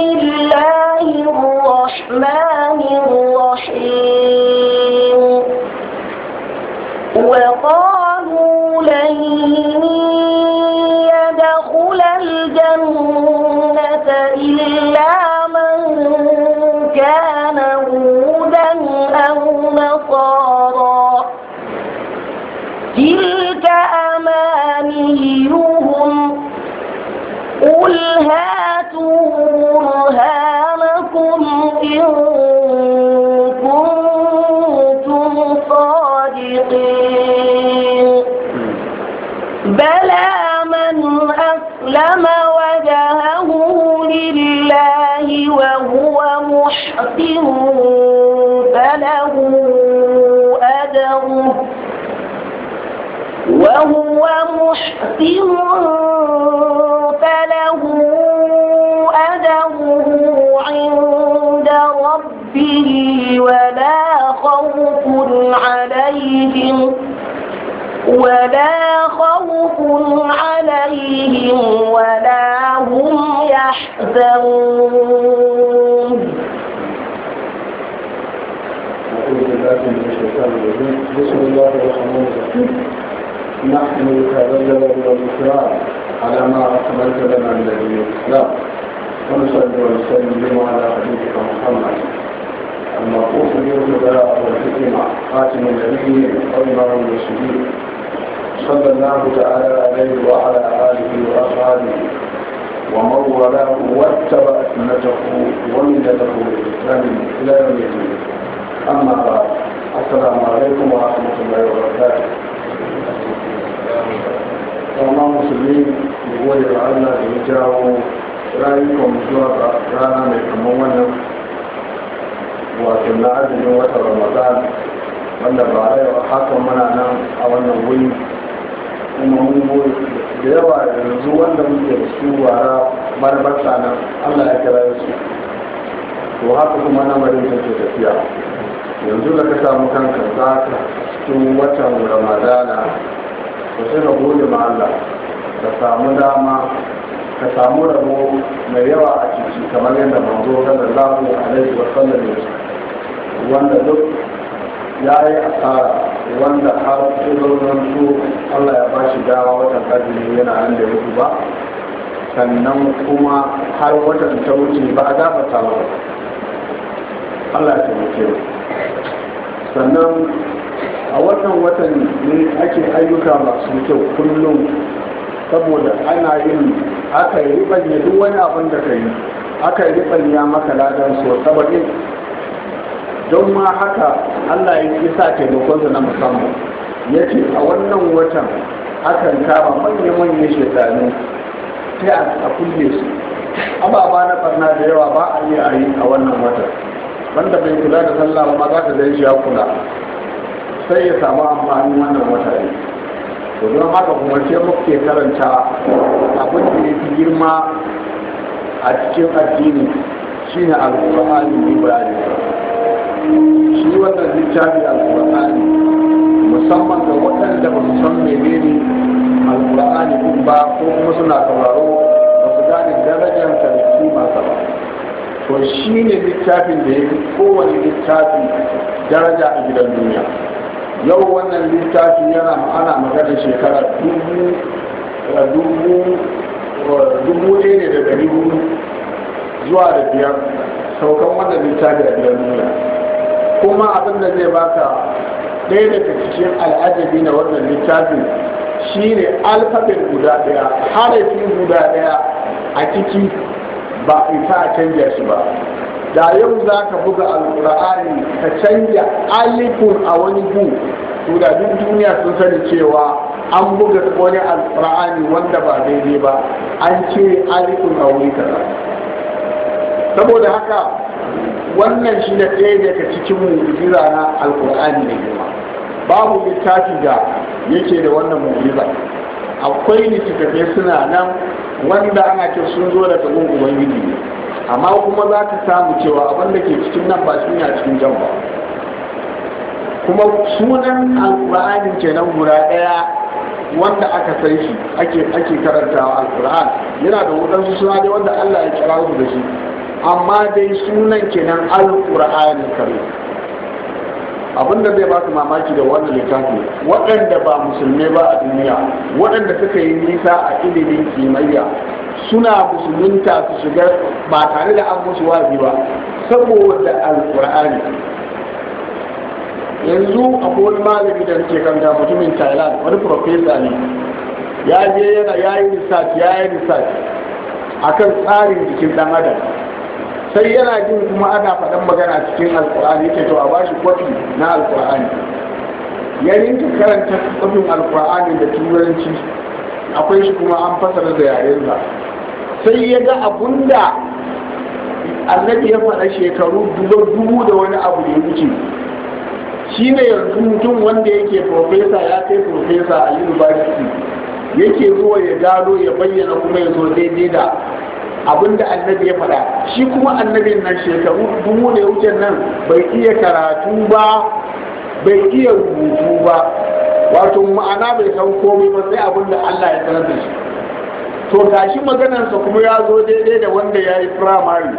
الله الرحمن محسن فله أدره عند ربه ولا خوف عليهم ولا خوف عليهم ولا هم يحزنون بسم الله الرحمن الرحيم نحن نتبلغ بالإكرام على ما أقبلت لنا من دين الإسلام ونصلي ونسلم على حبيبك محمد اليوم بالبلاء والحكمة خاتم النبيين خير المرسلين صلى الله تعالى عليه وعلى آله وأصحابه ومن واتبع سنته وملته بإحسان إلى يوم الدين أما بعد السلام عليكم ورحمة الله وبركاته kama musulmi da gode wa allah da ya jawo rayukan zuwa ga rana mai kamar wannan wato na azumin wata ramadan wanda ba a yau hakan muna nan a wannan wuri kuma mun da yawa yanzu wanda muke da su wara marmarsa nan allah ya kira su to haka kuma lamarin take tafiya yanzu da ka samu kanka za ka cikin watan ramadana ka ci rabo da Allah ka samu dama ka samu rabo mai yawa a ciki kamar yadda manzo sallallahu a wa sallam ya wanda duk ya yi asara wanda har zaunar su Allah ya shi dawa watan azumi yana nan da mutu ba sannan kuma har watan ta wuce ba a dafa ba Allah ya taimake sannan a wannan watan ne ake ayyuka masu kyau kullum saboda ana yin aka yi ribanya duk wani abin da ka yi aka yi ya maka ladan so saboda don ma haka allah ya yi sa taimakonsa na musamman ya ce a wannan watan akan kama manya-manyan shekaru ta a kulle su ababa na barna da yawa ba a yi a yi a wannan watan wanda bai kula da sallah ba ma za ka zai shi ya kula sai ya samu amfani wannan wata to don haka kuma sai muke karanta abin da ya fi girma a cikin addini shine alqur'ani ibrahim shi wannan littafi alqur'ani musamman ga waɗanda ba su san menene alqur'ani din ba ko kuma suna sauraro ba su gane darajar tarihi masa ba to shi ne littafin da ya fi kowane littafi daraja a gidan duniya yau wannan littafi yana ana magana shekara dubu eh, eh, ɗaya ne da ɗari zuwa da biyar saukan wannan littafi da biyar duniya kuma abin da zai baka ɗaya daga cikin al'ajabi na wannan littafin shine alfabet guda ɗaya harafi guda ɗaya a ciki ba a canja shi ba da yau za ka buga alkur'ani ka canja alifun a wani gu to da duk duniya sun sani cewa an buga wani alkur'ani wanda ba daidai ba an ce alifun a wuri kaza saboda haka wannan shi da ɗaya daga cikin mu'jiza na alkur'ani da girma babu littafi da yake da wannan mu'jiza akwai littattafai suna nan wanda ana ce sun zo daga ubangiji ne amma kuma za ka samu cewa abinda ke cikin nan ba shi a cikin jan ba kuma sunan alƙur'anin kenan guda ɗaya wanda aka sai shi ake ake karantawa alquran yana da wadansu suna dai wanda Allah ya kira su da shi amma dai sunan kenan alqur'ani kare abinda zai baka mamaki da wannan littafi waɗanda ba musulmi ba a duniya waɗanda suka yi nisa a ilimin kimiyya suna musulunta su shiga ba tare da an musu wazi ba saboda alkur'ani yanzu akwai wani malami da suke damu mutumin thailand wani profesa ne ya je yana ya yi research ya yi research akan tsarin jikin dan adam sai yana jin kuma ana faɗan magana cikin alkur'ani yake to a bashi kwafi na alkur'ani ya yanke karanta kwafin alkur'ani da turanci akwai shi kuma an fasara da yarensa sai ya ga abunda annabi ya faɗa shekaru dubu da wani abu ya wuce shi ne yanzu mutum wanda yake profesa ya kai profesa a university yake zuwa ya gano ya bayyana kuma ya zo daidai da abin da annabi ya faɗa shi kuma annabi nan shekaru dubu da ya wuce nan bai iya karatu ba bai iya rubutu ba wato ma'ana bai san komai ba sai abin da Allah ya sanar da shi to gashi maganarsa kuma ya zo daidai da wanda ya yi firamare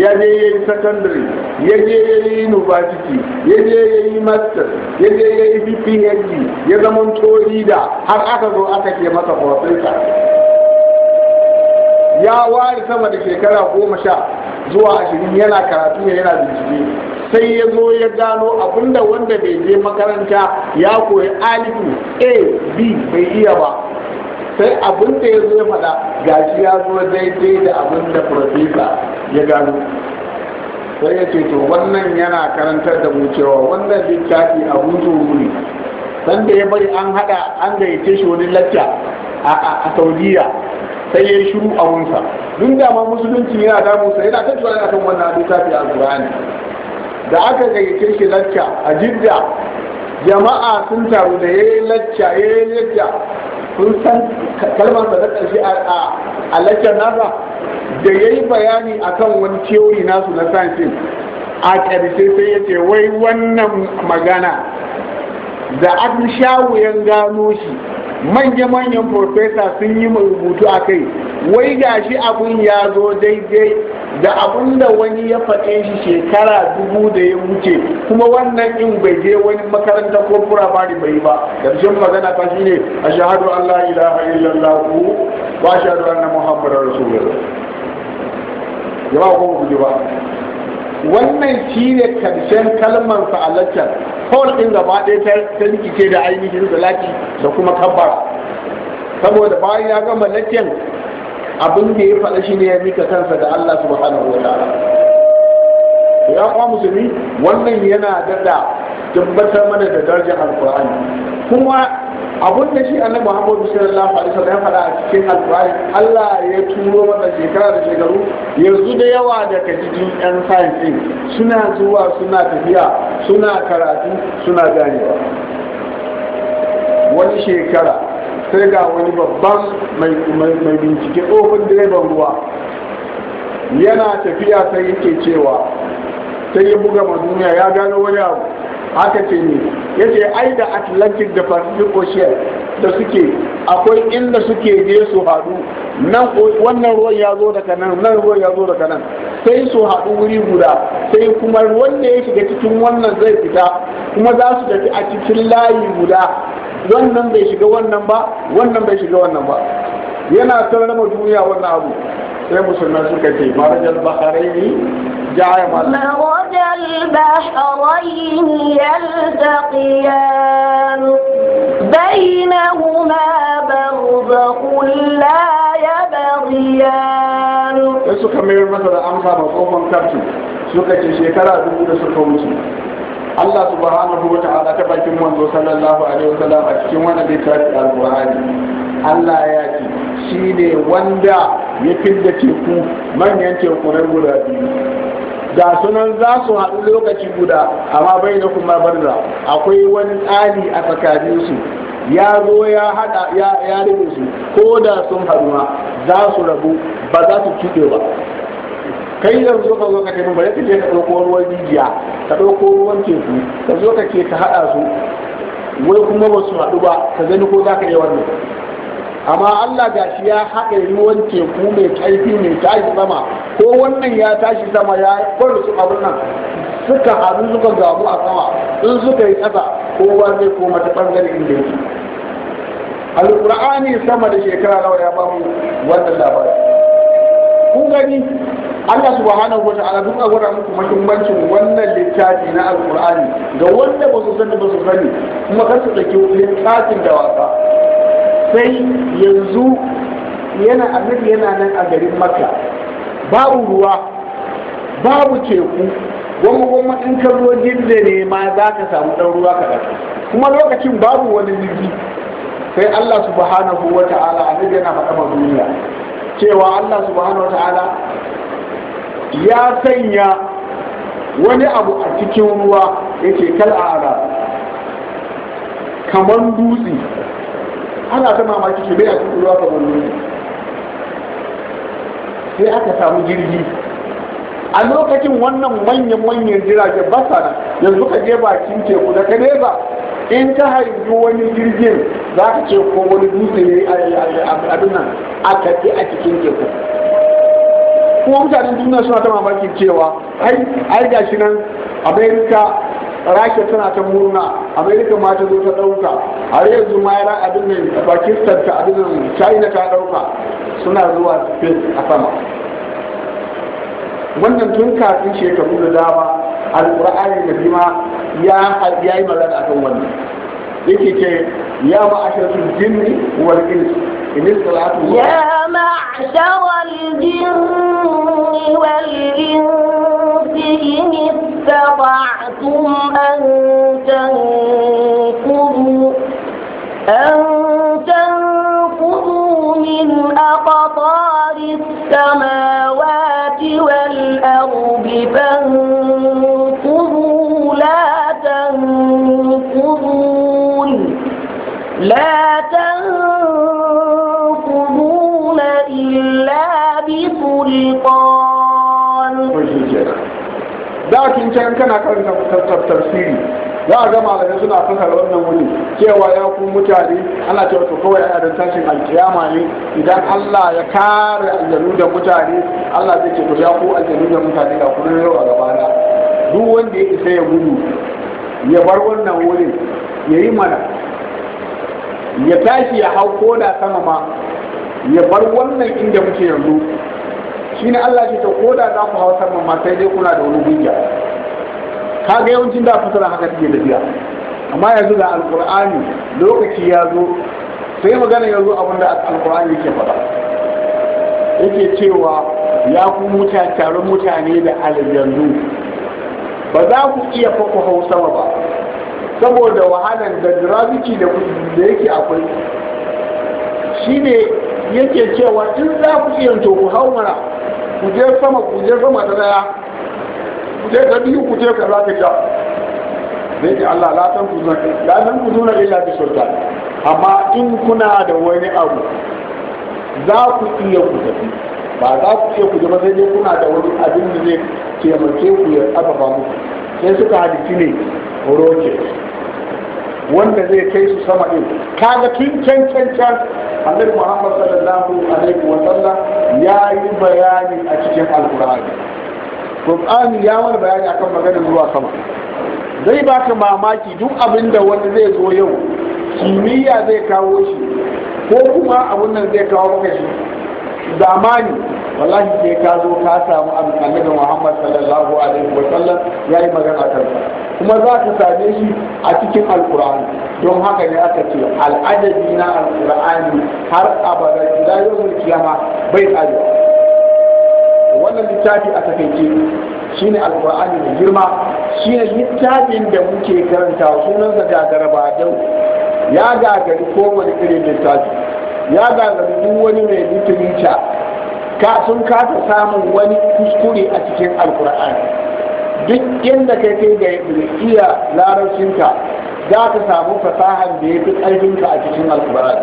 ya je ya yi secondary ya je ya yi university ya je ya yi master ya je ya yi bphd ya zama tori da har aka zo aka ke masa profesa ya ware sama da shekara goma sha zuwa ashirin yana karatu yana bincike sai ya zo ya gano abinda wanda bai je makaranta ya koyi alifu a b bai iya ba sai abinda da ya zo ya faɗa gashi ya zo daidai da abinda profesa ya gano sai ya ce to wannan yana karantar da mu cewa wannan littafi a hutu ne san da ya bari an hada an gayyace shi wani lacca a saudiya sai ya shiru a wunsa duk da ma musulunci yana damu sai yana a kan wannan littafi a qur'ani da aka gayyace shi lacca a jidda jama'a sun taru da ya yi lacca ya yi lacca sun san kalmar da shi a laccar nasa da ya yi bayani a kan wani teori nasu na science a ƙarshe sai ya ce wai wannan magana da an shawuyan wuyan gano shi manya-manyan profesa sun yi rubutu a kai wai gashi abun ya zo daidai da abun da wani ya faɗe shi shekara dubu da ya wuce kuma wannan in bai je wani makaranta ko firamare bai ba ƙarshen magana ta ne. a shahadu Allah ilaha illallah wa shahadu anna muhammadar rasulullah jama'a ko ku ji ba wannan shi ne karshen kalmar sa a laccar kawai ɗin gaba ɗaya ta rikice da ainihin zalaki da kuma kabbara saboda bayan ya gama laccar abin da ya faɗa shi ne ya mika kansa da Allah subhanahu wa ta'ala ya kwa musulmi wannan yana daɗa tabbatar mana da darajar alkur'ani kuma abun da shi annabi Muhammad sallallahu alaihi wasallam ya faɗa a cikin alƙur'ani Allah ya turo masa shekara da shekaru yanzu da yawa daga cikin yan science din suna zuwa suna tafiya suna karatu suna ganewa wani shekara sai ga wani babban mai bincike tsohon direban ruwa yana tafiya sai yake cewa sai ya buga ma duniya ya gano wani abu haka ce ne ya ce ai da atlantic da pacific ocean da suke akwai inda suke je su haɗu nan wannan ruwan ya zo daga nan nan ruwan ya zo daga nan sai su haɗu wuri guda sai kuma wanda ya shiga cikin wannan zai fita kuma za su tafi a cikin layi guda wannan bai shiga wannan ba wannan bai shiga wannan ba yana sarrama duniya wannan abu مرج البحرين يلتقيان بينهما برزخ لا يبغيان يسوك مير مثلا أمسا بطوما كبتي سوكتي شيكرا دمودة سوكو مسلم Allah subhanahu wa ta'ala ta bakin manzo sallallahu alaihi wasallam a cikin wani littafi alqur'ani Allah ya ce shi ne wanda ya fidda teku manyan tekunan guda biyu da sunan za su haɗu lokaci guda amma bai da kuma barza akwai wani tsari a tsakaninsu ya zo ya haɗa ya su ko da sun haɗu ma za su rabu ba za su cuɗe ba kai yanzu ka zo ka tafi bari ka je ka ɗauko ruwan rijiya ka ɗauko ruwan teku ka zo ka ke ka haɗa su wai kuma ba su haɗu ba ka gani ko za ka yi wannan amma Allah ga shi ya haɗa ruwan teku mai ƙarfi mai tashi sama ko wannan ya tashi sama ya kwaru su abin nan suka haɗu suka gabu a sama in suka yi ƙasa kowa zai koma ta ɓangare inda yake alƙur'ani sama da shekara nawa ya bamu wannan labari kun gani Allah subhanahu wata'ala duk a gwada muku mahimmancin wannan littafi na alkur'ani ga wanda ba su sani ba su sani kuma kan su ɗauki littafin da wasa sai yanzu yana abin yana nan a garin makka babu ruwa babu teku gwamma gwamma in ka zo jidda ne ma za ka samu ɗan ruwa kaɗan kuma lokacin babu wani jirgi sai Allah subhanahu wata'ala annabi yana faɗa duniya cewa Allah subhanahu wata'ala ya sanya wani abu a cikin ruwa ya ce kal ala, kamar dutse ana ta mamaki ke bai a cikin ruwa kamar dutse sai aka samu jirgi a lokacin wannan manyan-manyan jirage basa yanzu ka je bakin teku da ka ba, in ta haifi wani jirgin za ka ce ko wani dutse ne a abin nan a tafi a cikin teku kuma mutanen duniya suna ta mamakin cewa ai ga shi nan amerika rasha tana ta murna amerika ma ta zo ta dauka har yanzu ma yara abin nan pakistan ta abin nan china ta dauka suna zuwa space a sama wannan tun kafin shekaru da dama alqur'ani da bima ya yi magana kan wannan yake ce ya ma'asharatul jinni wal insi يا معشر الجن والإنس إن استطعتم أن تنفذوا أن تنفذوا من أقطار السماوات والأرض فانفذوا لا تنفذون لا shaytan da kin can kana karanta tafsiri za a ga malamai suna fasar wannan wuri cewa ya ku mutane ana cewa to kawai a yadda tashin alkiyama ne idan Allah ya kare aljanu da mutane Allah zai ce to ya ku aljanu da mutane ga kuma yau a gaba na. duk wanda ya isa ya gudu ya bar wannan wurin ya yi mana ya tashi ya hau koda sama ma ya bar wannan inda muke yanzu shi ne Allah ce ta koda za ku hausar mamma sai dai kuna da wani hujja ga yawancin da fasara haka da biya amma yanzu da alkur'ani lokaci ya zo sai magana ya zo abin da alkur'ani yake faɗa yake cewa ya ku mutane mutane da aljannu ba za ku iya fako hausa ba saboda wahalar da gravity da da yake akwai shi ne yake cewa in za ku iya to ku hau mana Kuje sama ku sama ta daya Kuje ta biyu kuje ka za ka ja zai ce Allah la tan ku zuna la tan ku zuna illa bi amma in kuna da wani abu za ku iya ku tafi ba za ku iya ku zama sai dai kuna da wani abin da zai taimake ku ya ba muku sai suka hadithi ne roke wanda zai kai su sama din kaga tun can can can annabi muhammad sallallahu alaihi wa sallam ya yi bayani a cikin alkur'ani qur'ani ya wani bayani akan maganar zuwa sama zai baka mamaki duk abin da wani zai zo yau kimiyya zai kawo shi ko kuma abin nan zai kawo maka shi zamani wallahi sai ka zo ka samu annabi muhammad sallallahu alaihi wa sallam ya yi magana kansa kuma za ka same shi a cikin alkur'ani don haka ne aka ce al'adadi na alkur'ani har abada ila yawon kiyama bai tsari wannan littafi a takaice ne alkur'ani da girma shi ne littafin da muke karanta sunansa gagara ba dau ya gagari ko wani irin littafi ya gagari duk wani mai littafi ka sun kasa samun wani kuskure a cikin alkur'ani duk inda kai kai da iya larabcinka za ka samu fasahar da ya fi ƙarfinka a cikin alkubarat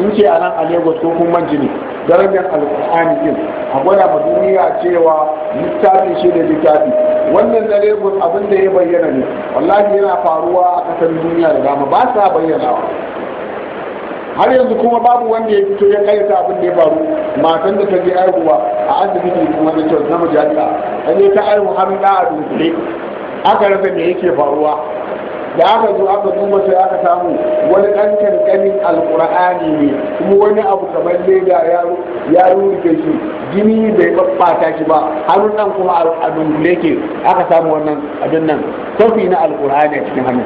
in ce a nan a lagos ko kuma jini darajar alkur'ani din a gwada ma duniya cewa littafi shi da littafi wannan na lagos abin da ya bayyana ne wallahi yana faruwa a ƙasar duniya da dama ba sa bayyanawa har yanzu kuma babu wanda ya fito ya kayyata abin da ya faru matan da ta je aihuwa a asibiti kuma da kyau na majalisa an yi ta aihu har da a aka rasa me yake faruwa da aka zo aka duba sai aka samu wani ɗan kankanin alkur'ani ne kuma wani abu kamar leda ya rurrufe shi gini bai babbata shi ba hannun nan kuma a dungule ke aka samu wannan abin nan kofi na alkur'ani a cikin hannu.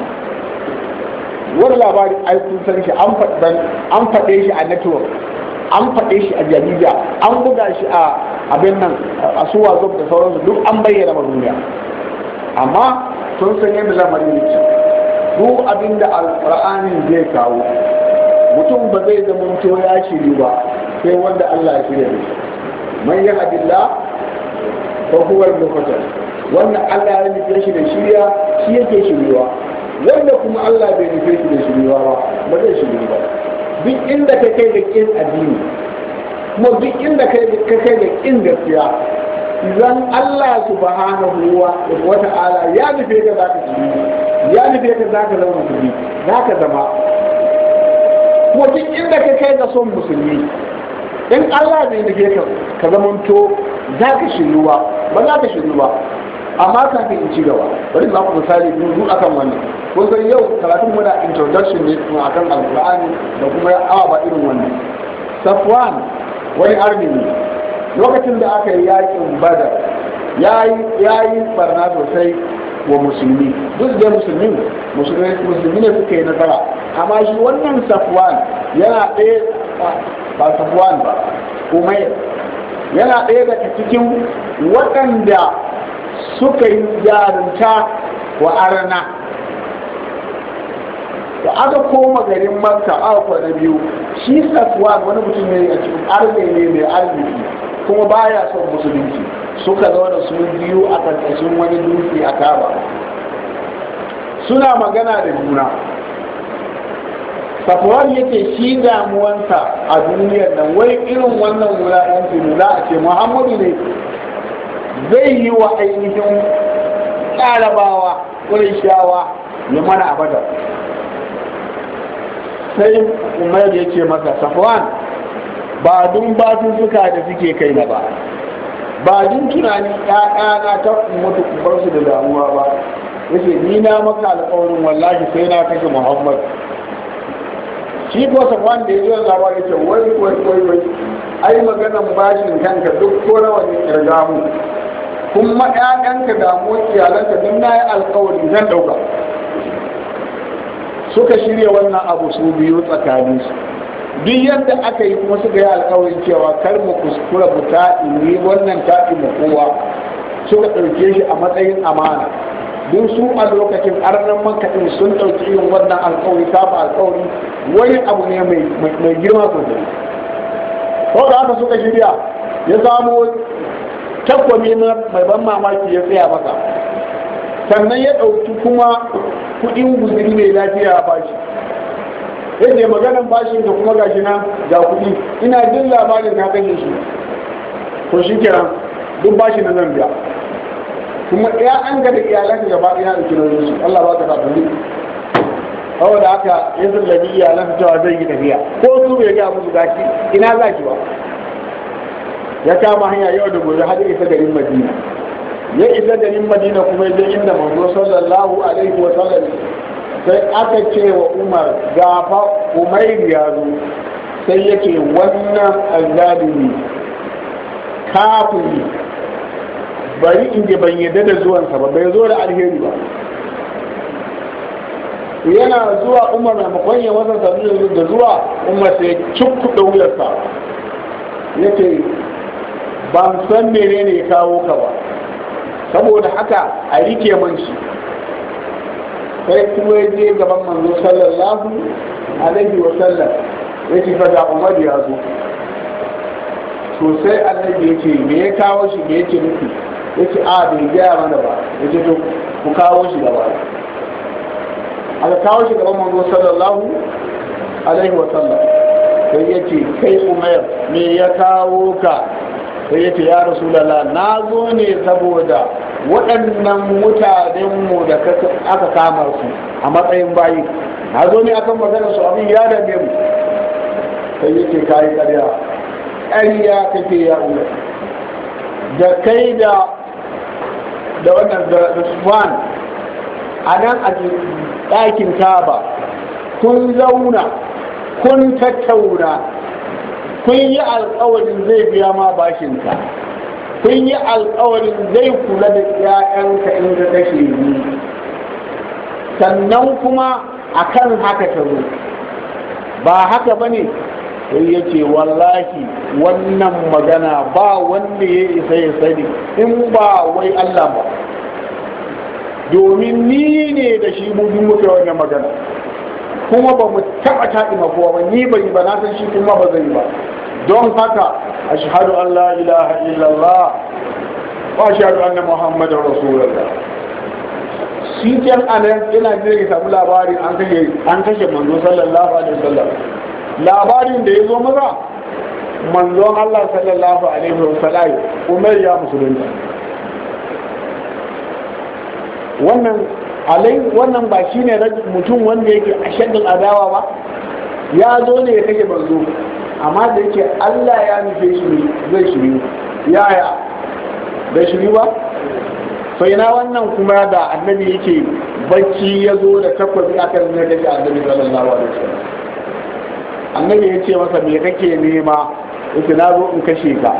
wani labari ai kun san shi an faɗe shi a network an faɗe shi a jarida an buga shi a abin nan a suwa zob da sauransu duk an bayyana ma duniya amma sun san yadda lamarin yake duk abin da alƙur'anin zai kawo mutum ba zai zama to ya shiri ba sai wanda Allah ya shirya da man yahdillah fa huwa al-muhtadi wannan Allah ya nufi shi da shirya shi yake shiriwa wanda kuma Allah bai nufe shi da shiriwa ba ba zai shiri ba duk inda ka kai da kin addini kuma duk inda ka kai da kin gaskiya idan Allah subhanahu wa ta'ala ya nufe ka zaka shiri ya nufe ka zaka zama musulmi zaka zama kuma duk inda ka kai da son musulmi in Allah bai nufe ka ka to zaka shiruwa ba za ka shiru ba amma kafin in ci gaba bari za ku misali biyu akan wannan kun yau karatun muna introduction ne kuma akan alqur'ani da kuma awa ba irin wannan safwan wani arni lokacin da aka yi yakin badar ya yi barna sosai wa musulmi duk da musulmi musulmi ne suka yi nasara amma shi wannan safwan yana ɗaya ba safwan ba kuma yana ɗaya daga cikin waɗanda suka yi yarinta wa arna da aka koma garin makka a kwana biyu shi safwan wani mutum ne a cikin arziki ne mai arziki kuma baya son musulunci suka zauna su biyu a ƙarƙashin wani dutse a kaba suna magana da juna safwan yake shi damuwansa a duniyar nan wai irin wannan wulaƙanci za a ce muhammadu ne zai yi wa ainihin ƙarabawa ƙurishawa ya mana abada sai umar ya ce masa safwan ba dun suka da suke kai na ba ba dun tunani ɗaɗana ta mutu kubar su da damuwa ba yace ni na maka alƙawarin wallahi sai na kashe muhammad shi ko safwan da ya zo labarin ya ce wai wai wai wai ai maganan bashin kanka duk ko rawa ne kirga mu kuma ƴaƴanka damuwar iyalanka duk na yi alƙawarin zan ɗauka suka shirya wannan abu su biyu tsakanin su duk yadda aka yi kuma suka yi alkawarin cewa kar mu kuskura mu ta ni wannan taɗi mu kowa suka ɗauke shi a matsayin amana duk su a lokacin arnan makaɗin sun ɗauki irin wannan alkawari fi alkawari wani abu ne mai girma sosai ko da haka suka shirya ya samo takwami na mai ban mamaki ya tsaya maka sannan ya ɗauki kuma kudin musulmi mai lafiya a bashi yadda maganan bashin da kuma gashi na ga kudi ina jin labarin na kashe shi to shi kira duk bashi na zan biya kuma ya an gada iyalan iyalan gaba ina da kiran su Allah ba ka tafi kawai da haka ya zallabi iyalan cewa zai yi tafiya ko su bai ga musu gashi ina za ki ba ya kama hanya yau da gobe har isa garin Madina ya isa garin madina kuma ya inda manzo sallallahu alaihi wa sallam sai aka ce wa umar gafa umar ya zo sai yake wannan azzalimi kafiri bari in ji ban yadda da zuwansa ba bai zo da alheri ba yana zuwa umar na makonye wasa sabu da zuwa umar sai cukkuɗa wuyarsa yake ban san menene ya kawo ka ba saboda haka a rike man shi sai kuma ya je gaban manzo sallallahu alaihi wa sallam ya ce fa da Umar ya zo to sai ya ce me ya kawo shi me ce nufi ya ce a bai gaya mana ba ya ce to ku kawo shi gaba aka kawo shi gaban manzo sallallahu alaihi wa sallam sai ya ce kai Umar me ya kawo ka sai ya ce ya rasulallah na zo ne saboda waɗannan mutanenmu da aka kama su a matsayin bayi na zo ne akan maganar su abin ya da mu sai ya ce kayi ƙarya ƙarya kake ya ula da kai da da wannan da swan a nan a ɗakin taba kun zauna kun tattauna kun yi alkawarin zai biya ma bashinka kun yi alkawarin zai kula da 'ya'yanka in ka kashe ni sannan kuma akan haka ta zo ba haka ba ne sai ya ce wallahi wannan magana ba wanda ya isa ya sani in ba wai Allah ba domin ni ne da shi mu muka wannan magana kuma ba mu taɓa taɗi ma kuwa ba ni ba yi ba na san shi kuma ba zai ba don haka ashhadu an la ilaha illallah wa ashhadu anna muhammadar rasulullah shi can anan ina jira ya samu labarin an kashe an kashe manzo sallallahu alaihi wasallam labarin da ya zo maza manzon Allah sallallahu alaihi wasallam umar ya musulunta wannan alai wannan ba shi ne mutum wanda yake a shaɗin adawa ba ya zo ne ya kashe manzo amma da yake Allah ya nufe shi zai shiri yaya da shiri ba sai na wannan kuma da annabi yake bacci ya zo da takwas takwabi aka ne kashe annabi sallallahu alaihi wasallam annabi ya ce masa me kake nema ita na zo in kashe ka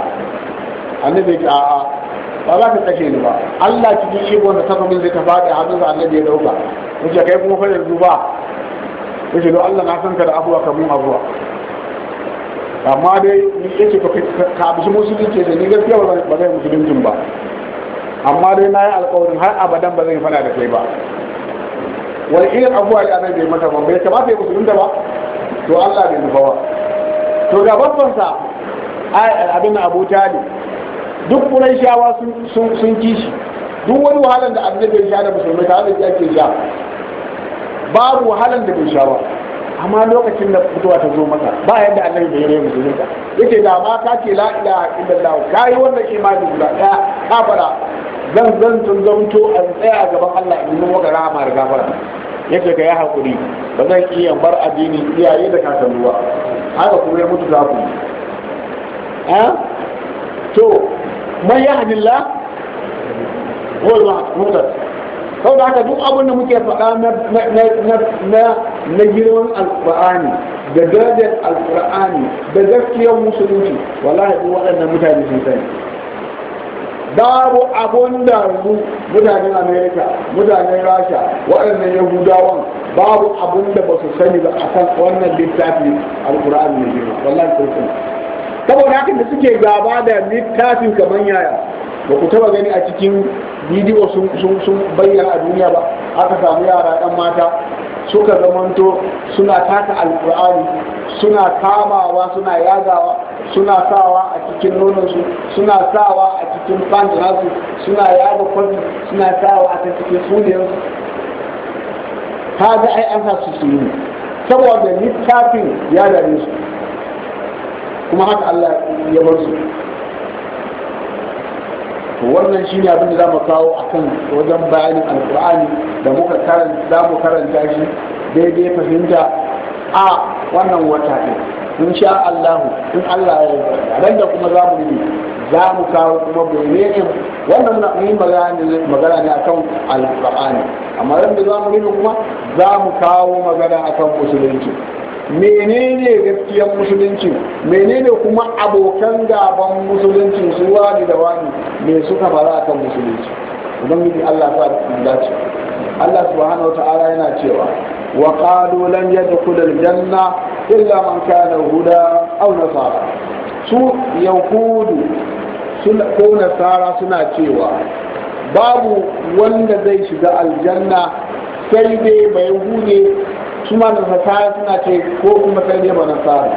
annabi ya ce a'a ba za ka kashe ni ba Allah cikin iko da sababin zai ta faɗi a hannun annabi ya dauka yace kai kuma fara yanzu ba yace Allah na san ka da abuwa ka mun abuwa amma dai ni yace ka ka bi musulunci da ni gaskiya ba zai musuluncin ba amma dai na yi alƙawarin har abadan ba zai fara da kai ba wani irin abuwa da annabi ya mata ba bai kamata ya musulunta ba to Allah bai nufa to ga babban sa abin Abu Talib duk shawa sun kishi shi duk wani wahalar da annabi ya sha da musulmi ta da ke sha babu wahalar da bai sha ba amma lokacin da fitowa ta zo masa ba yadda annabi bai musulmi ta yake da ma ka ce la ilaha illallah kai wannan imani guda daya kafara zan zan tun zamto a tsaya a gaban Allah in mun waka rama da kafara yake ka yi hakuri ba zan iya bar addini iyaye da kakanni ba haka kuma ya mutu za eh to man yahdillah wal muhtad sau da haka duk abin da muke faɗa na girman alƙur'ani da darajar alƙur'ani da gaskiyar musulunci wallahi duk waɗannan mutane sun sani babu abun da yanzu mutanen amerika mutanen rasha waɗannan yahudawan babu abun da ba su sani ba kan wannan littafi alƙur'ani ne wallahi sun sani saboda haka da suke gaba da littafin kamar yaya ba ku taba gani a cikin bidiyo sun bayyana a duniya ba aka samu yara ɗan mata suka zamanto suna taka alkur'ani suna kamawa suna yagawa suna sawa a cikin nononsu suna sawa a cikin fanta suna yaga kwabi suna sawa a cikin suniyarsu ta ga ai an su su yi saboda littafin ya dare su kuma haka Allah ya bar su to wannan shine abin da zamu kawo akan wajen bayanin alqur'ani da muka karanta da mu karanta shi daidai fahimta a wannan wata ne in sha Allah in Allah ya yarda da kuma za mu yi za mu kawo kuma bayanin wannan na yi magana ne akan alqur'ani amma ran da za mu yi kuma za mu kawo magana akan musulunci menene gaskiyar musulunci menene kuma abokan gaban musulunci su wani da wani me suka fara kan musulunci ubangiji Allah ta dace Allah subhanahu wataala yana cewa wa qalu lan yadkhul aljanna illa man kana huda aw nasara su yahudu ko nasara suna cewa babu wanda zai shiga aljanna sai dai bai hude kuma da nasara suna ce ko kuma kai ne ba nasara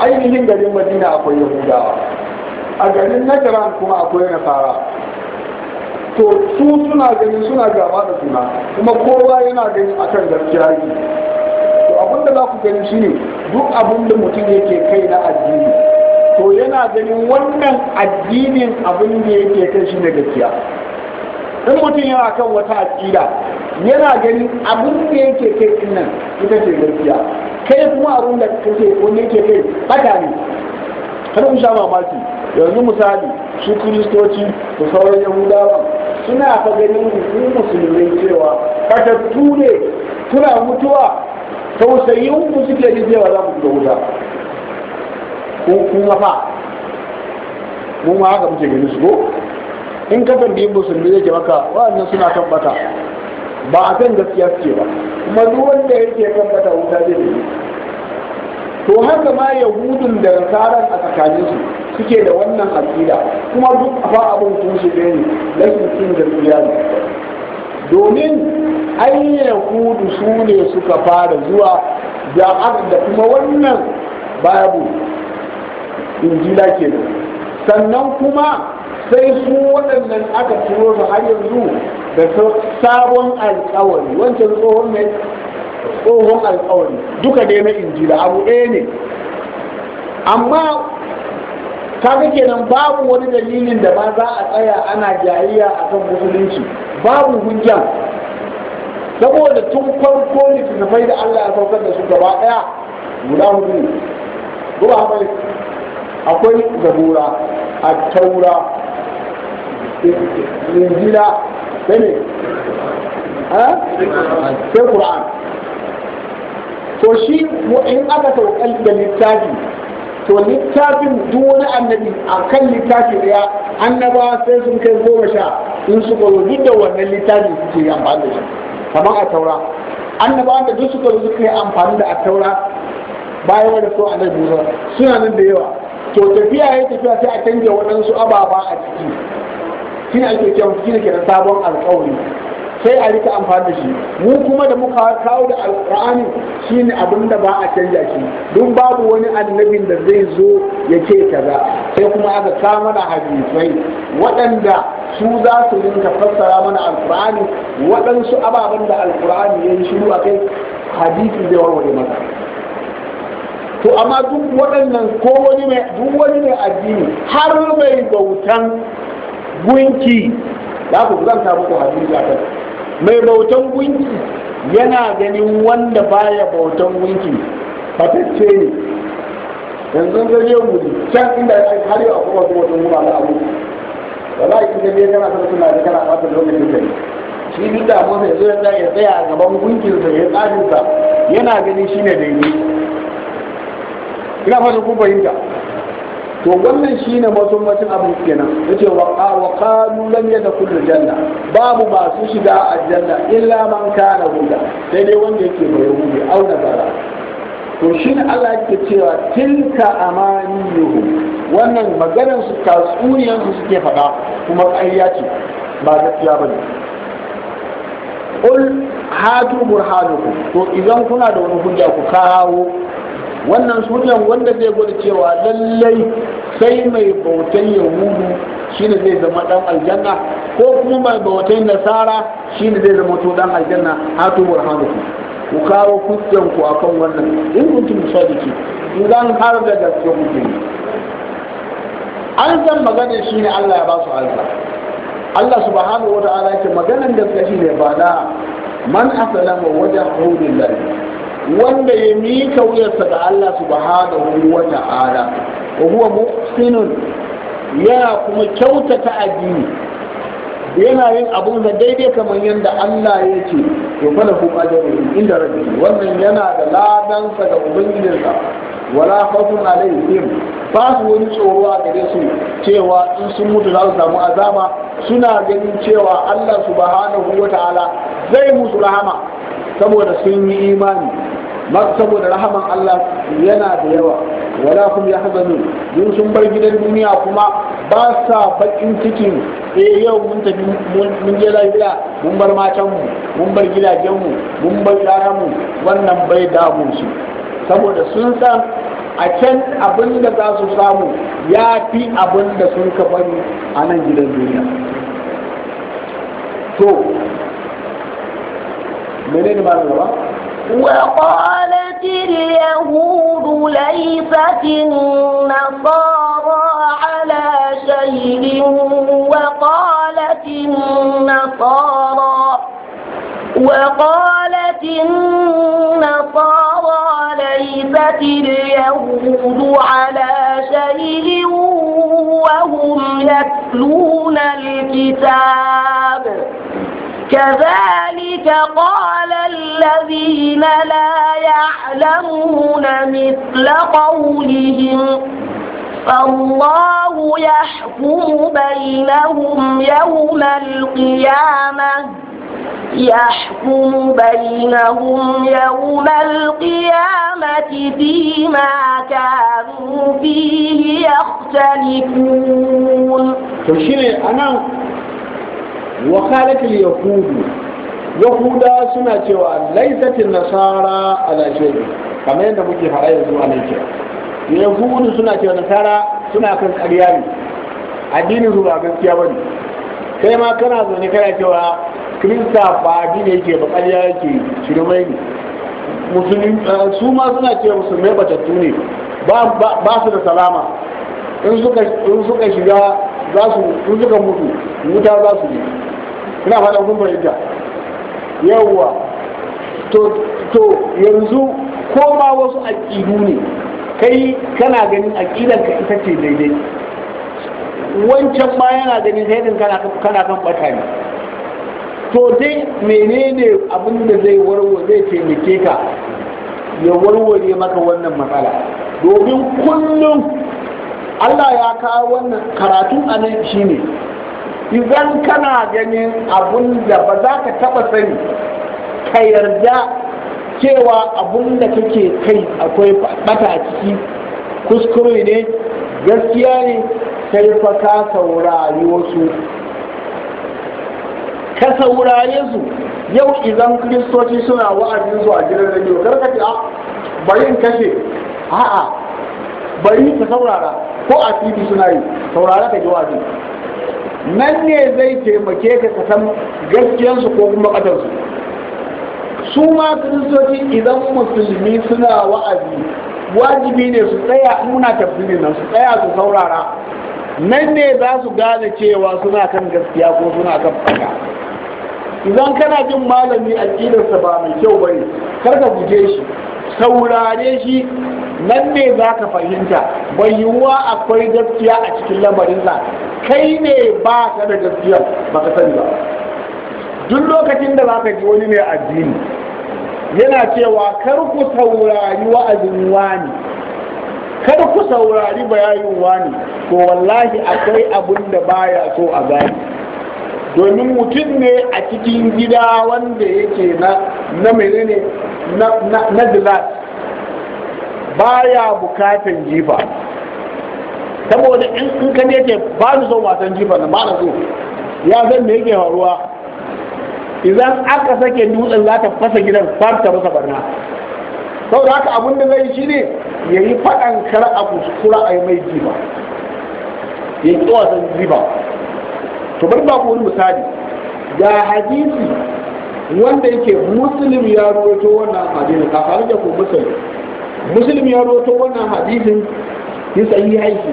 ainihin garin madina akwai yahudawa a garin najaran kuma akwai nasara to su suna gani suna gaba da suna kuma kowa yana gani akan gaskiya yi to abinda za ku gani shine duk abin da mutum yake kai na addini to yana ganin wannan addinin abin da yake kai shi na gaskiya in mutum yana kan wata aƙida yana ganin abin da yake kai in nan ita ce gaskiya kai kuma abin da kake wani yake kai haka ne har mu sha mamaki yanzu misali su kiristoci da sauran yahudawa suna ka ganin su musulmai cewa fatattu ne kuna mutuwa tausayin ku suke yi cewa za mu wuta ko kuma fa mu ma haka muke ganin su ko in ka tambayi musulmi zai ce maka wa'annan suna tabbata ba a kan gaskiya suke ba kuma duk wanda yake kan bata wuta zai ne to haka ma yahudun da nasaran a tsakanin su suke da wannan aqida kuma duk fa abin tushe ne rashin cin gaskiya ne domin ai yahudu su ne suka fara zuwa da kuma wannan babu injila kenan sannan kuma sai su waɗannan aka turo su har yanzu da sabon alkawari wancan tsohon ne tsohon alkawari duka dai na injila abu ɗaya ne amma kaga kenan babu wani dalilin da ba za a tsaya ana jayayya kan musulunci babu hujja saboda tun farko littattafai da Allah ya saukar da su gaba ɗaya guda hudu ne akwai zabura a taura injila sai ne eh? sai qur'an to shi in aka saukar da littafi to littafin duk wani annabi a kan littafi ɗaya, annaba sai sun kai goma sha in su kwaro duk da wannan littafi suke amfani da shi kamar a taura annaba da duk suka zo suka yi amfani da a taura bayan wanda so annabi musa suna nan da yawa to tafiya ya tafiya sai a canja waɗansu ababa a ciki shi ne ake kyan shi ne sabon alkawari sai a rika amfani da shi mu kuma da muka kawo da alƙur'ani shi ne abin da ba a canja shi duk babu wani annabin da zai zo ya ce kaza sai kuma aka kawo mana hadisai waɗanda su za su rinka fassara mana alƙur'ani waɗansu ababen da alƙur'ani ya yi shiru a kai hadisi zai warware mata to amma duk waɗannan ko wani mai addini har mai bautan gunki za ku zan samu ku hadisi akan mai bautan gunki yana ganin wanda baya bautan gunki fatacce ne yanzu ga je mu can inda ai har yau akwai wasu bautan kuma da abu wallahi in zai kana son suna da kana fata lokacin kai shi duk da mu sai zai ya tsaya a gaban gunkin sa ya tsarin sa yana ganin shine daidai ina fata ku fahimta to wannan shine mazummacin abin kenan yace wa wa qalu lam yadkhul janna babu masu shiga aljanna illa man kana huda sai dai wanda yake bai yahudi au bara to shine Allah yake cewa tilka amaniyuhu wannan maganar su tasuriyan su suke faɗa kuma ƙarya ce ba gaskiya bane qul hatu burhanukum to idan kuna da wani hujja ku kawo wannan sunan wanda zai gwada cewa lallai sai mai bautan yahudu shine zai zama dan aljanna ko kuma mai bautan nasara shine zai zama to dan aljanna hatu burhanuku ku kawo hujjan ku akan wannan in kuntum sadiki idan har da gaske kuke an san magana shine Allah ya ba su alfa Allah subhanahu wa ta'ala yake maganan gaske shine ba da man aslama wajhahu lillahi wanda ya mika wuyarsa ga Allah subhanahu wa ta'ala wa huwa muhsinun yana kuma kyautata addini yana yin abun da daidai kamar yadda Allah ya ce to fala hu ajrun inda rabbi wannan yana da ladan sa ga ubangijinsa wala khawfun alaihim ba su wani tsoro a gare su cewa in sun mutu za su samu azama, suna ganin cewa Allah subhanahu ta'ala zai musu rahama saboda sun yi imani saboda rahaman Allah yana da yawa wala kuma ya hazanu yin sun bar gidan duniya kuma ba sa bakin cikin eh yau mun tafi mun je lafiya mun bar matanmu mun bar gidajenmu mun bar yaranmu wannan bai damun su saboda sun san a can abin da za su samu ya fi abin da sun ka bari a nan gidan duniya to menene ba ba? وقالت اليهود ليست النصارى على شيء وقالت النصارى وقالت النصارى ليست اليهود على شيء وهم يتلون الكتاب كذلك قال الذين لا يعلمون مثل قولهم فالله يحكم بينهم يوم القيامة يحكم بينهم يوم القيامة فيما كانوا فيه يختلفون. wa khalatul yahudu yahuda suna cewa laisatin nasara ala shay'in kamar yadda muke faɗa yanzu a nan yahudu suna cewa nasara suna kan ƙarya addinin su ba gaskiya bane kai ma kana zaune kana a kirista ba addini yake ba ƙarya yake shirmai ne musulmi eh, su ma suna cewa musulmai batattu ne ba su da salama in suka shiga za mutu wuta za su ne ina fata kun fahimta yawwa to yanzu ko ma wasu aƙidu ne kai kana ganin ka, ita ce daidai wancan ma yana ganin din kana kan bata ne to dai menene abin da zai warware zai taimake ka ya warware maka wannan matsala domin kullum Allah ya kawo wannan karatun a nan shine idan kana ganin abun da ba za ka taba sani ka yarda cewa abun da kake kai akwai bata ciki kuskure ne gaskiya ne sai fa ka saurari wasu ka saurari su yau idan kiristoci suna wa'azin su a gidan karka ce a ah, bari in kashe a'a bari ka saurara ko a tv suna yi saurara ka ji wa'azin nan ne zai taimake ka ka san gaskiyansu ko kuma ƙadarsu su ma kiristoci idan musulmi suna wa'azi wajibi ne su tsaya muna tafsirin nan su tsaya su saurara nan ne za su gane cewa suna kan gaskiya ko suna kan faka idan kana jin malami aƙidarsa ba mai kyau bane kar ka guje shi saurare shi nan ne za ka fahimta bai yiwuwa akwai gaskiya a cikin lamarinsa kai ne ba ka da gaskiya ba ka sani ba duk lokacin da za ka ji wani mai addini yana cewa kar ku saurari wa'azin wani kar ku saurari bayanin wani to wallahi akwai abin da baya so a gani domin mutum ne a cikin gida wanda yake na na menene na na baya bukatan jifa saboda in ka ne ba su son wasan jifa na ba na so ya zan me yake faruwa idan aka sake dutsen za ta fasa gidan far ta masa barna saboda haka abin da zai shi ne ya yi faɗan kar a kuskura a yi mai jifa ya yi wasan jifa to bari ba wani misali ga hadisi wanda yake musulmi ya ruwaito wannan hadisi faru da ku musulmi Musulmi ya roto wannan hadisin ya sayi haiki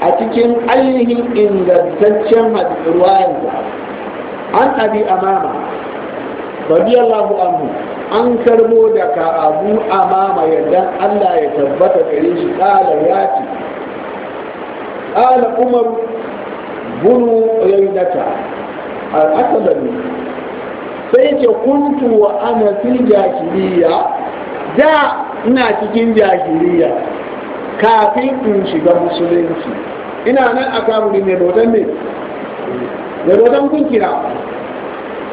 a cikin ainihin ingantaccen ruwayan an abi amama radiyallahu anhu an karbo ka abu amama yadda Allah ya tabbata gare shi kala ya ce kala umar bunu yainata al'asalami sai ce kuntu wa ana fil jahiliya da ina cikin jahiliya kafin in shiga musulunci ina nan a kamuri ne doton ne da doton kun kira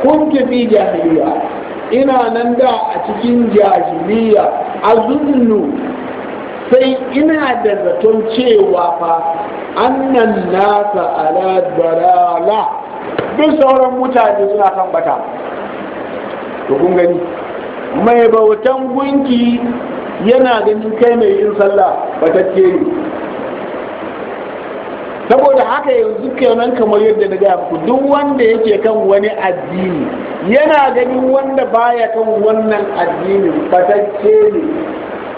kun jahiliya ina nan da a cikin jahiliya a zunnu sai ina da zaton cewa fa annan nasa ala dalala duk sauran mutane suna kan bata to kun gani mai bautan gunki yana ganin kai mai yin sallah ba ce ne saboda haka yanzu kenan kamar yadda na gaya ku duk wanda yake kan wani addini yana ganin wanda baya kan wannan addinin ce ne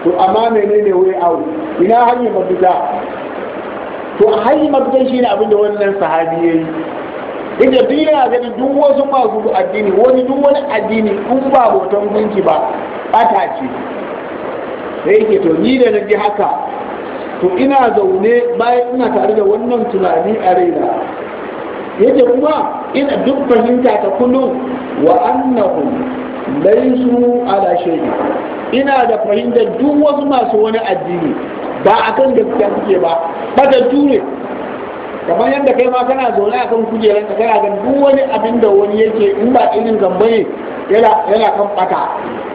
to amma menene wai awu ina hanyar mafita to hanyar mafita ne abinda wannan sahabi yi. inda duniya na ganin duk wasu masu addini wani duk wani addini kun ba hoton gunki ba bata ce sai yake to ni da na haka to ina zaune bayan ina tare da wannan tunani a raina yake kuma ina duk fahimta ta kullum wa annahu laisu ala shay'in ina da fahimtar duk wasu masu wani addini ba akan gaskiya suke ba bata ture kamar yadda kai ma kana zaune a kan kujerar ka kana duk wani abin da wani yake in ba irin gamba ne yana kan bata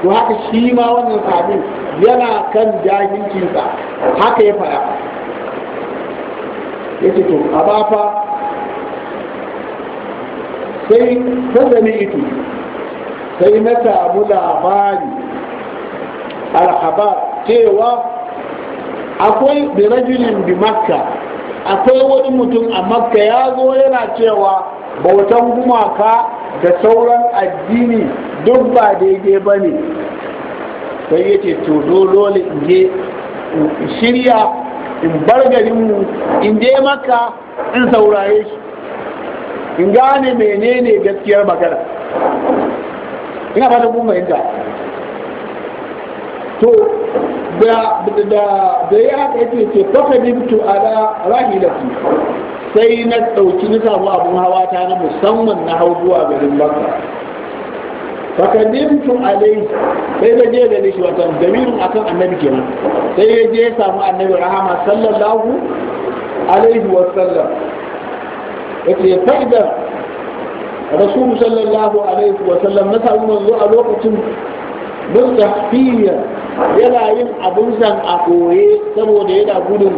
to haka shi ma wannan sabin yana kan jahilcinsa haka ya fara yace to a ba fa sai ito sai na samu labari alhabar cewa akwai birajulin bi makka akwai wani mutum a makka ya zo yana cewa bautan gumaka da sauran addini duk ba daidai ba ne sai ya ce to dole in je in shirya in bar garinmu in je makka in saurare shi in gane menene gaskiyar magana ina fata kun ta. to da da ya haka yake ce fakadibtu ala rahilati sai na ɗauki na samu abun hawa ta na musamman na hau zuwa garin makka fakadimtu alai sai da je da shi watan damirin akan annabi kenan sai ya je samu annabi rahama sallallahu alaihi wa sallam yace fa'ida rasul sallallahu alaihi wa sallam na samu manzo a lokacin mustahfiyan yana yin abin zan a koye saboda yana gudun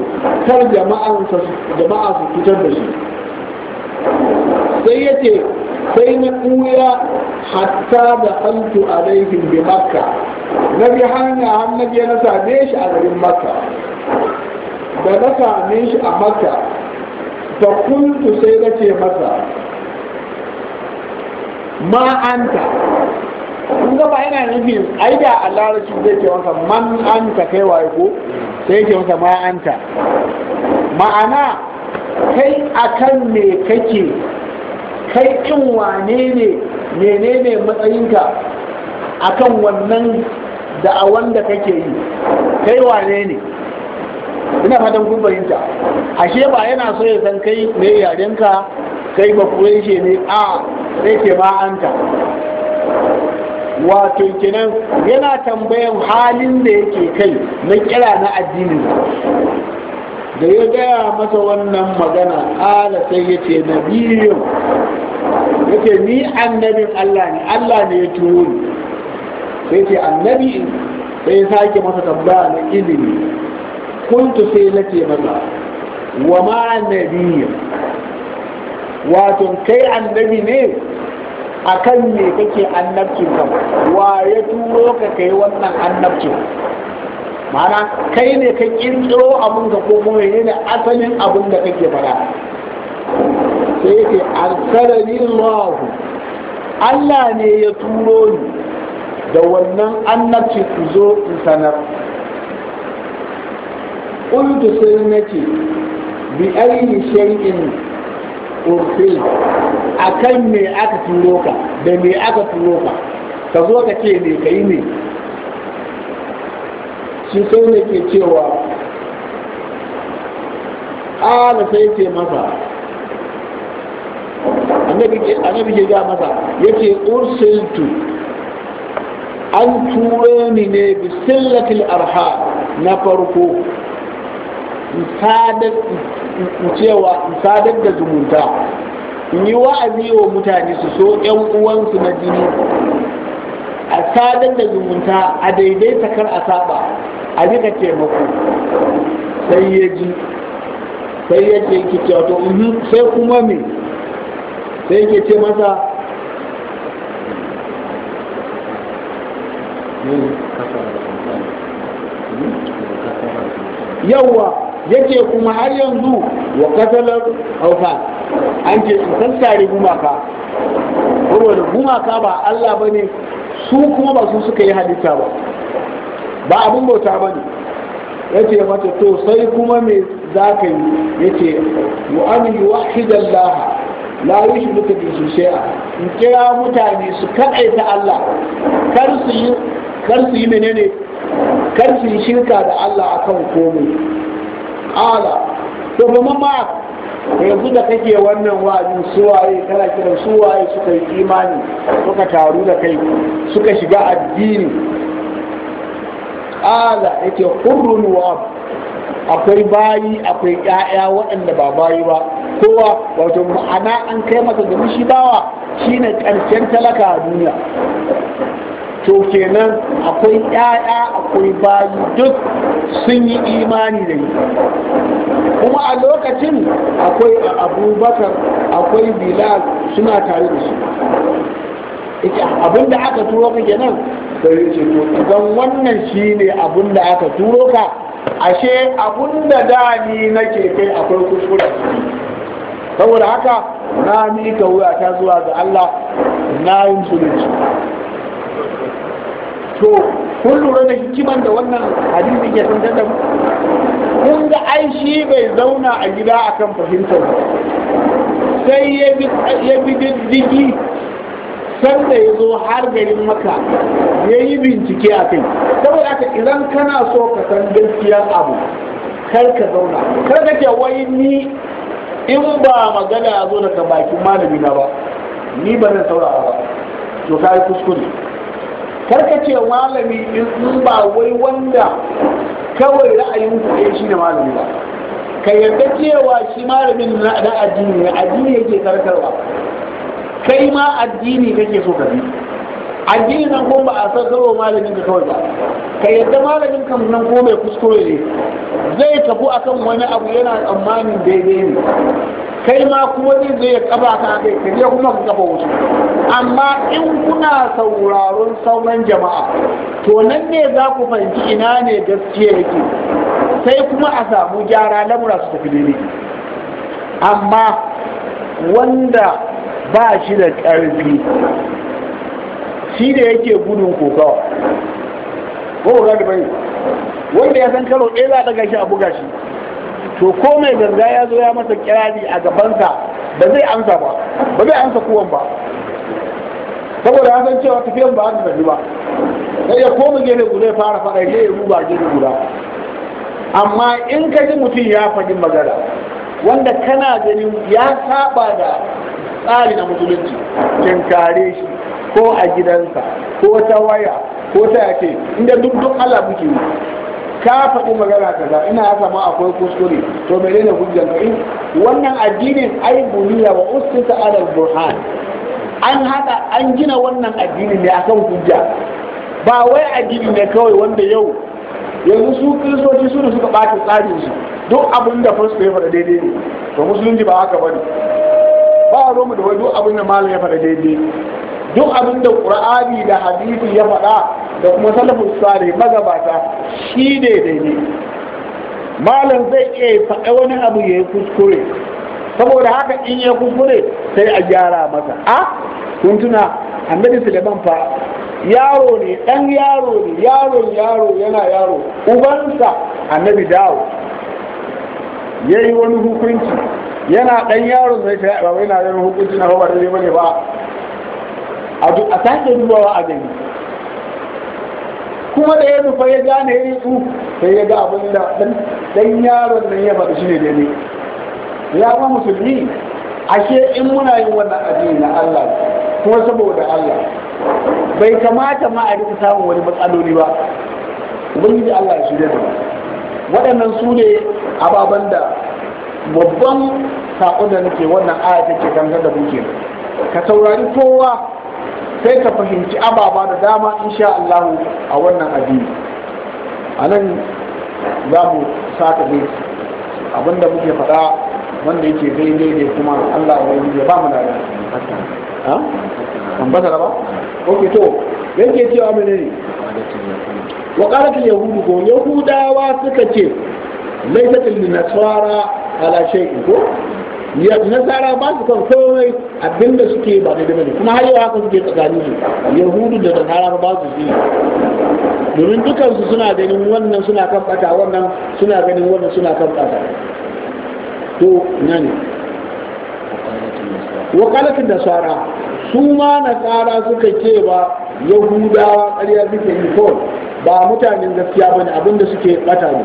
kar jama'a su fitar da shi sai ya ce sai na kuya hatta da hantu a laifin bi makka na bi hanya har na biya na same shi a garin makka da na same shi a makka da kuntu sai na ce masa Ma'anta. kun ga ba yana nufin ai da a larabci zai ce masa man ta kai waye ko sai ke masa ma ta. ma'ana kai a kan me kake kai kin wane ne menene matsayinka a kan wannan da a wanda kake yi kai wane ne ina fatan kun fahimta ashe ba yana so ya san kai me yarenka kai ba kureshe ne a sai ke ma ta. wato kenan yana tambayan halin da yake kai na kira na addinin da ya gaya masa wannan magana ala sai ya ce na biyu ya ce ni annabin Allah ne Allah ne ya turo ni sai ce annabi sai ya sake masa tambaya na ilimi kuntu sai na ce masa wa ma nabiyyin wato kai annabi ne akan me kake annabcin kan wa ya turo ka kai wannan annabcin mana kai ne ka kirkiro abin ka ko kuma ne asalin abun da kake fara sai yake arsalani Allah Allah ne ya turo ni da wannan annabci ku zo in sanar qultu sai nace bi ayi shari'in a kan me aka turo ka da me aka turo ka ka zo ka ce me yi ne shi sai ne ke cewa ala sai ce masa annabi ke ga masa yake tu. an ture ni ne bi sillatil arha na farko cewa sadar da zumunta yi wa'azi wa mutane su so yan uwansu na jini a sadar da zumunta a daidaita kar a saba a rika taimako sai ya ji sai ya ce ki cewa to mhm, sai kuma me sai ke ce masa mhm, yawwa yake kuma har yanzu wa katalar hauka an ce in sassare gumaka saboda gumaka ba Allah ba ne su kuma ba su suka yi halitta ba ba abin bauta ba ne ya ce mata to sai kuma me za ka yi ya ce wa wahidan laha la yi shi duka bi shi'a in kira mutane su kaɗaita Allah kar yi kar su yi menene kar su yi shirka da Allah akan komai ta'ala to kuma ma yanzu da kake wannan wa'azi suwaye kana kiran suwaye suka yi imani suka taru da kai suka shiga addini ƙala yake hurrun wa akwai bayi akwai 'ya'ya waɗanda ba bayi ba kowa wato ma'ana an kai masa da shi bawa shine ƙarshen talaka a duniya to kenan akwai 'ya'ya akwai bayi duk sun yi imani da ni kuma a lokacin akwai abubakar akwai bilal suna tare da abin abinda aka turo ka kenan sai ce to idan wannan shine abinda aka turo ka ashe abinda da ni nake kai akwai kuskure saboda haka na mika wuya ta zuwa ga Allah na yi musulunci to kun lura da hikiman da wannan hadisi ke san da kun ga ai shi bai zauna a gida akan fahimtar sai ya bi diddigi sanda ya zo har garin maka ya yi bincike a kai saboda ka idan kana so ka san gaskiyar abu kar ka zauna kar ka ce wai ni in ba magana ya zo daga bakin malami na ba ni ba zan saurara ba to ka yi kuskure ce malami in ba wai wanda kawai ra'ayin ku shi ne malami ba ka yarda cewa shi malamin na addini ne addini yake karkarwa kai ma addini kake so ka bi addinin nan kuma ba a san sarwa malamin ka kawai ba ka yadda malamin kan nan ko mai kuskure ne zai tafi akan wani abu yana tsammanin daidai ne kai ma kuma zai zai ya kaba ka kai ka je kuma ka kafa wasu amma in kuna sauraron sauran jama'a to nan ne za ku fahimci ina ne gaskiya yake sai kuma a samu gyara lamura su tafi daidai amma wanda ba shi da ƙarfi shi da yake gudun kokawa ko ga da bai wanda ya san karo ɗaya za a daga shi a buga shi to ko mai ganga ya zo ya masa kirari a gabansa ba zai amsa ba ba zai amsa kuwan ba saboda ya san cewa tafiyan ba an tafi ba sai ya koma gele guda ya fara faɗa ya ruba gele guda amma in ka ji mutum ya faɗi magana wanda kana ganin ya saba da tsari na musulunci kinkare shi ko a gidansa ko ta waya ko ta yake inda duk duk Allah muke yi ka faɗi magana kaza ina ya ma akwai kuskure to mene ne hujjar ka wannan addinin ai buniya wa usqita ala burhan an hada an gina wannan addini ne akan hujja ba wai addini ne kawai wanda yau yanzu su kristoci su ne suka ɓata tsarin su duk abin da first paper faɗa daidai ne to musulunci ba haka bane ba a mu da wai duk abin da malam ya faɗa daidai duk abin da qur'ani da hadisi ya faɗa da kuma salafin salih magabata shi ne daidai malam zai iya faɗa wani abu ya yi kuskure saboda haka in ya kuskure sai a gyara masa a kuntuna annabi suleiman fa yaro ne ɗan yaro ne yaron yaro yana yaro ubansa annabi dawo ya yi wani hukunci yana ɗan yaro sai ta yaɓa na yin hukunci na hawa da ne ba a sake dubawa a gani kuma da ya nufa ya gane ya yi sai ya ga abin da dan yaron nan ya faɗi shi ne ne ya ba musulmi ashe in muna yin wannan addini na Allah kuma saboda Allah bai kamata ma a rika samun wani matsaloli ba ubangiji Allah ya shirya da waɗannan su ne ababen da babban saƙon da nake wannan aya take kan da muke ka saurari kowa sai ka fahimci ababa da dama insha Allah a wannan addini a nan za mu saka ne abinda muke faɗa wanda yake daidai ne kuma Allah ya ba mu da ha an ba ba okay to yake mene ne. wa qalat yahudu ko go yahudawa suka ce laysat al nasara ala shay'in ko ya nasara ba su kan kawai abinda suke ba dama ne kuma har yau haka suke tsakani su yahudu da nasara ba su ji domin dukansu suna ganin wannan suna kan bata wannan suna ganin wannan suna kan bata to ina ne da nasara su ma nasara suka ce ba yahudawa ƙarya suke yi ko ba mutanen gaskiya bane abinda suke bata ne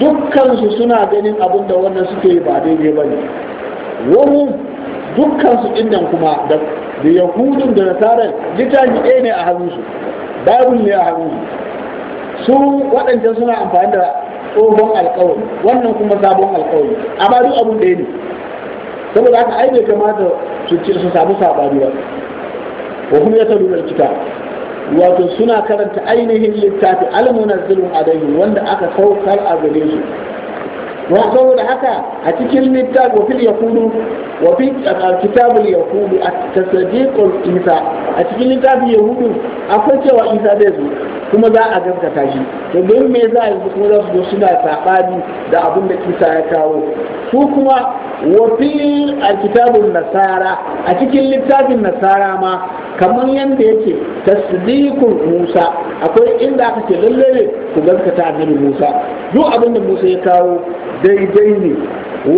dukkansu suna ganin abinda wannan suke ba daidai bane wahum dukkan su kuma da da yahudun da nasarar littafi ɗaya ne a hannunsu babin ne a hannunsu su waɗancan suna amfani da tsohon alkawari wannan kuma sabon alkawari amma duk abun ɗaya ne saboda haka ai bai kamata su ci su samu sabani ba wa kuma ya ta da kitab wato suna karanta ainihin littafi almunazzilun alaihi wanda aka saukar a gare su wa saboda haka a cikin littafi wa fil yakudu wa fi kitabul yakudu at tasdiqul isa a cikin littafin yahudu akwai cewa isa zai zo kuma za a gaskata shi to don me za a yi kuma za su zo suna sabani da abin da isa ya kawo su kuma wa fi kitabun nasara a cikin littafin nasara ma kamar yadda yake tasdiqul musa akwai inda aka ce lalle ne ku gaskata annabi musa duk abin da musa ya kawo daidai ne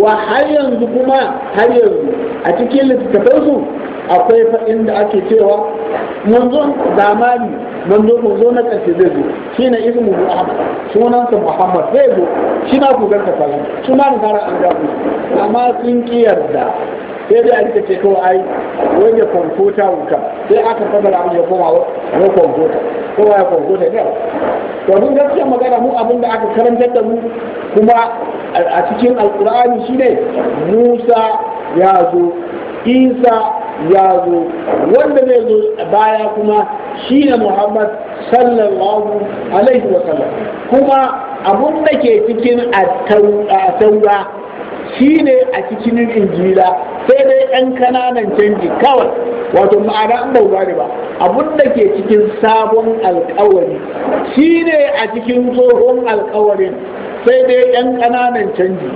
wa har yanzu kuma har yanzu a cikin littattafansu akwai faɗin da ake cewa manzon zamani manzo manzo na ƙarshe zai zo shi na ismu muhammad sunansa muhammad zai zo shi na ku gaskata shi su ma da an amma sun ƙiyar da. sai dai a rika ce kawai ai wani ya kwamfuta wuta sai aka fadar abin ya koma wai kwamfuta kowa ya kwamfuta ne to mun gaskiya magana mu abin da aka karantar da mu kuma a cikin alkur'ani shine musa ya zo isa ya zo wanda zai zo baya kuma shine muhammad sallallahu alaihi wasallam kuma abun da ke cikin a taura shi ne a cikin injila sai dai 'yan kananan canji kawai wato ma'ana an ba ne ba abun da ke cikin sabon alkawari shi ne a cikin tsohon alkawarin sai dai 'yan kananan canji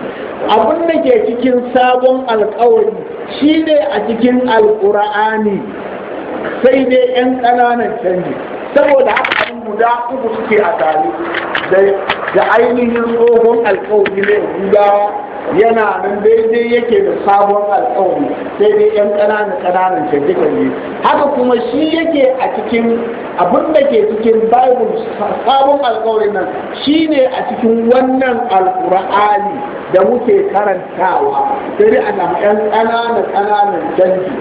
abun da ke cikin sabon alkawari shi ne a cikin alkur'ani sai dai 'yan kananan canji saboda haka guda uku suke a tare da ainihin tsohon alkawari ne gudawa yana nan daidai yake da sabon alkawari sai dai yan ƙananan ƙananan canje-canje haka kuma shi yake a cikin abin da ke cikin bible sabon alkawarin nan shi ne a cikin wannan alkur'ani da muke karantawa sai dai a yan ƙananan ƙananan canji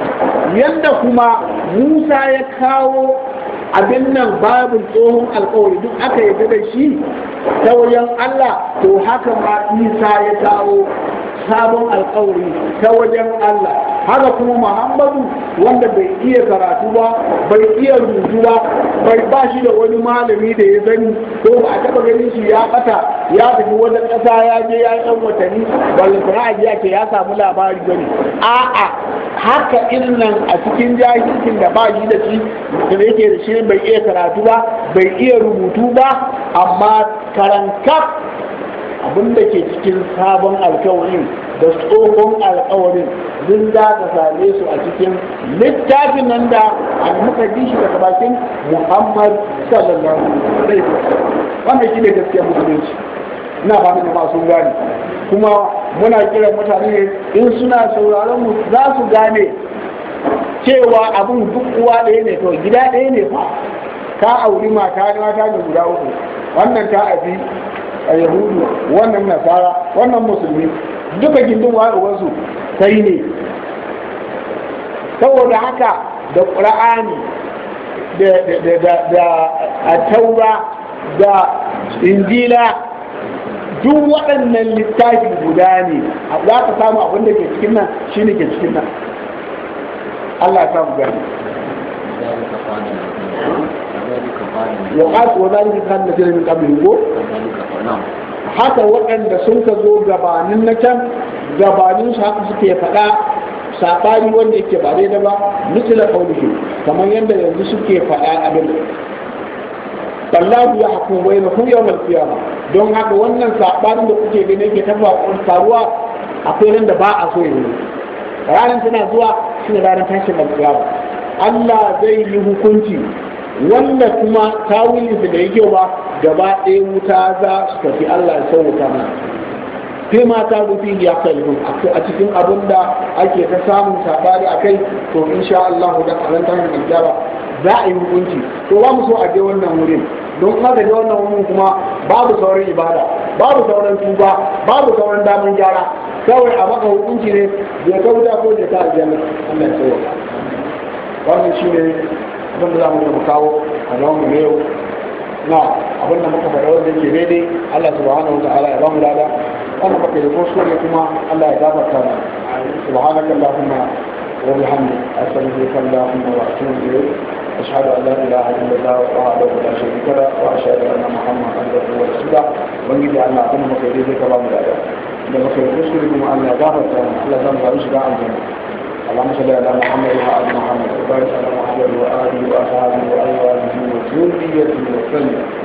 yadda kuma musa ya kawo abin nan babu tsohon alkawari duk aka yi da shi ta wajen Allah to haka ma Isa ya kawo sabon alkawari ta wajen Allah haka kuma muhammadu wanda bai iya karatu ba bai iya rubutu ba bai ba shi da wani malami da ya zani ko ba a taba ganin shi ya bata ya tafi wata ƙasa ya je ya ɗan watanni ballantana a biya ke ya samu labari ne. a'a haka nan a cikin jahilcin da ba shi da shi da yake da shi bai iya karatu ba bai iya rubutu ba amma karanta. abin da ke cikin sabon alkawarin da tsohon alkawarin zin za ka same su a cikin littafin nan da an muka ji shi daga bakin muhammad sallallahu alaihi wasallam wannan shi ne musulunci ina ba da masu gane kuma muna kiran mutane in suna sauraron mu za su gane cewa abin duk uwa ɗaya ne to gida ɗaya ne fa ka auri mata mata da guda uku wannan ta abi a yahudu wannan nasara wannan musulmi duka gindin wasu sai ne saboda haka da ƙura'ani da a da injila duk waɗannan littafi guda ne za ka samu abin da ke cikin nan shi ne ke cikin nan Allah ya samu gani وقات وذلك كان نزل من قبله haka waɗanda sun ka zo gabanin na can gabanin su haka suke faɗa saɓani wanda yake ba da ba mutula kaulihi kamar yadda yanzu suke faɗa abin Allahu ya haku bai na kun yau malkiyama don haka wannan saɓanin da kuke gani ke tafa faruwa akwai nan da ba a so yi ranar tana zuwa shi ranar tashin malkiyama Allah zai yi hukunci wanda kuma tawilin su yi kyau ba gaba ɗaya wuta za su tafi Allah ya sauka mana sai mata rufi ya kalbun a cikin abin da ake ta samun sabari a kai to insha Allah da karanta da gyara za a yi hukunci to ba mu so a je wannan wurin don kuma da wannan wurin kuma babu sauran ibada babu sauran tuba babu sauran damar gyara kawai a maka hukunci ne ta wuta ko da ta aljanna Allah ya sauka wannan abin da za mu da mu kawo a zaman mu yau na abin da muka faɗa wanda yake daidai Allah subhanahu wa ta'ala ya ba mu lada wannan ba kai ko sore kuma Allah ya gafarta mu subhanaka allahumma wa bihamdika astaghfiruka allahumma wa atubu ilayk أشهد أن لا إله إلا الله وحده لا شريك له وأشهد أن محمدا عبده ورسوله ومن أن أقوم بقيده كما ملأ da maka yi kuskure kuma Allah ya gafarta Allah zan ba shi da aljanna اللهم صل على محمد وعلى محمد وبارك على محمد وآله وأصحابه وأزواجه وذريته وسلم